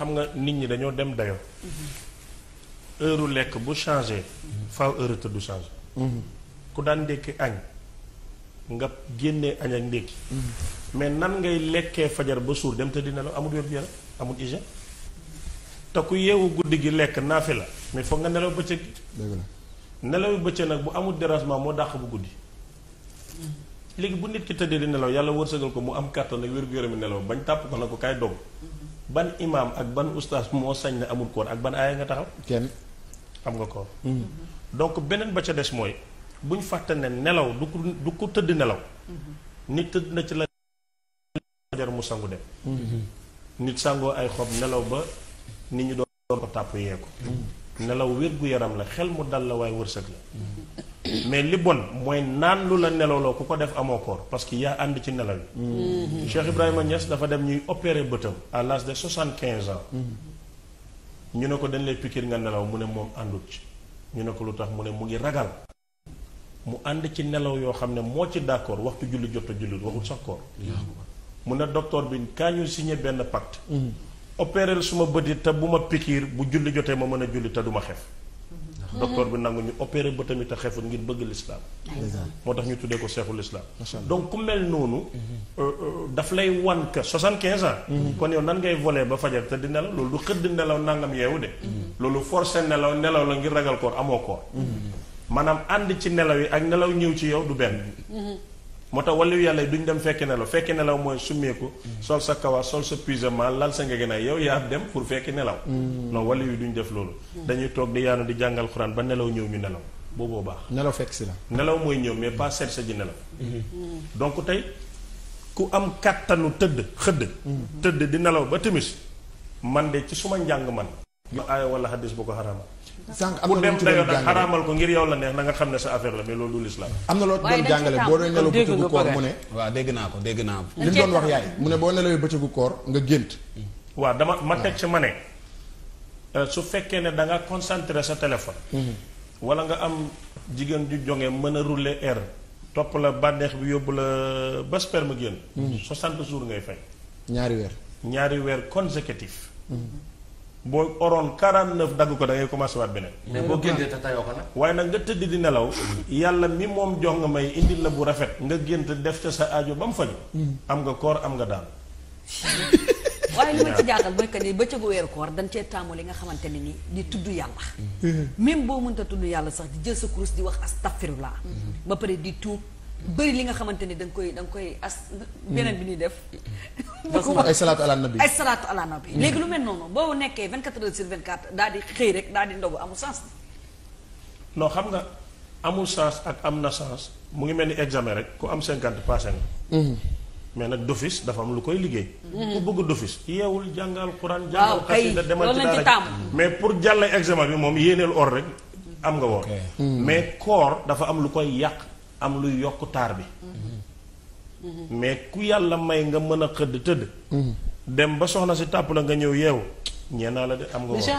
xam nga nit ñi dañoo dem dayoo. heure lekk bu changé. faaw heure tëdd du ku daan ndékki añ nga génnee añ ak ndékki. mais nan ngay lekkee fajar ba suur dem tëddi nelaw amul wér-gu-yaram amul hygiène. te ku yeewu guddi gi lekk naa fi la mais foog nga nelaw bëccëg gi. dëgg la nelaw bëccëg nag bu amul dérangement moo dàq bu guddi. léegi bu nit ki tëddee di nelaw yàlla wërsëgal ko mu am kàttan ak wér-gu-yaram nelaw bañ tàpp ko na ko kay dog ban imaam ak ban ustaas moo sañ ne amul koor ak ban aaya nga taxaw. kenn am nga koor. Hmm. donc beneen ba ca des mooy bu ñu ne nelaw du ko du ko tëdd nelaw. Hmm. nit tëdd na ci la xajar mu sangu dem. Hmm. nit sangoo ay xob nelaw ba nit ñu doon ko tàpp yee ko. nelaw wér-gu-yaram la xel mu dal la waaye wërsëg la mais li bon mooy naan lu la nelawloo ku ko def amoo koor parce que yaa ànd ci nelaw yi mm-hmm. Cheikh Ibrahima Niass dafa dem ñuy opérer bëtam à l'âge de soixante-quinze ans mm-hmm. ñu ne ko dañ lay pikiir nga nelaw mu ne moom àndut ci ñu ne ko lu tax mu ne mu ngi ragal mu ànd ci nelaw yoo xam ne moo ci d'accord waxtu julli jot a jullit waxul sax koor mu ne docteur bi kaa ñu signé benn pacte mm-hmm. opérel suma bët yi te bu ma pikiir bu julli jotee ma mën a julli te du ma xef mhm. docteur bi nangu ñu opéré ba tamit a xefut ngir bëgg lislaam moo tax ñu tuddee ko seexu lislaam donc ku mel noonu mhm. euh, euh, daf lay wan ka soixante-quinze ans mhm. kon yow nan ngay voler ba fajar te di nelaw loolu du xëdd nelaw nangam yeewu de loolu forcé nelaw nelaw la ngir ragal koor amoo koor maanaam ànd ci nelaw yi ak nelaw ñëw ci yow du benn moo tax wàllu yàlla duñ dem fekki nelaw fekki nelaw mooy summeeku sol sa kawar sol sa pyjama lal sa ngegenaay yow yaa dem pour fekki nelaw mm. non wàllu yu duñ def loolu mm. dañuy toog di yaanu di jàngal xuraan ba nelaw ñëw ñu nelaw booboo baax nelaw fekk si la nelaw mooy ñëw mais pas seet sa ji nelaw mm-hmm. mm. donc tey ku am kàttanu tëdd xëdd tëdd di nelaw ba timis man de ci suma njàng man ñu aaya wala hadis bu ko xaraamal. sànq am na lu ci doon jàngale xaraamal yow la neex na nga xam ne sa affaire la mais loolu du lislaam. am na loo ci doon jàngale boo doon nelaw bëccëgu koor mu ne. waa dégg naa ko dégg naa ko. li mu doon wax yaay mu ne boo nelawee bëccëgu koor nga gént. waa dama ma teg ci ma ne. Euh, su fekkee ne da nga concentré sa téléphone. Mhm. wala nga am jigéen ju jonge mën a rouler air. topp la bànneex bi yóbbu la ba sperme génn. 60 mhm. jours ngay fay. ñaari weer. ñaari weer consécutif. Mhm. boo oroon 49 dagg ko da ngay commencé waat beneen. mais boo génnee te tayoo ko nag. waaye nag nga tëdd di nelaw. yàlla mi moom jox nga may indil la bu rafet. nga gént def ca sa aajo ba mu faju hmm. am nga koor am nga daal. waaye li ma ci jaaxal mooy que ni bëccëgu weeru koor dañ cee taamu li nga xamante ni nii di tudd yàlla. Hmm. même boo mënta tudd yàlla sax di jël sa kurus di wax astafirullah. Hmm. ba pare di tuub. bëri li nga xamante ni da koy da koy as. beneen bi ñuy def. ay salaatu ala nabi ay salaatu ala nabi léegi lu mel noonu boo nekkee 24 heures sur 24 di xëy rek daal di ndogu amul sens. non xam nga amul sens ak am na sens mu ngi mel ni examen rek ku am cinquante passé nga. Mhm. mais nag d'office dafa am lu koy liggéey. Mhm. ku bëgg d'office yeewul jàngal quran jàngal xasida demal ci daara mais pour jàll examen bi moom yéeneel or rek am nga woor mais koor mhm. dafa am lu koy yàq. am luy yokk taar bi mm-hmm. mais ku yàlla may nga mën a xëdd tëdd mm-hmm. dem ba soxna si tàpp la nga ñëw yeewu ñee naa la de am nga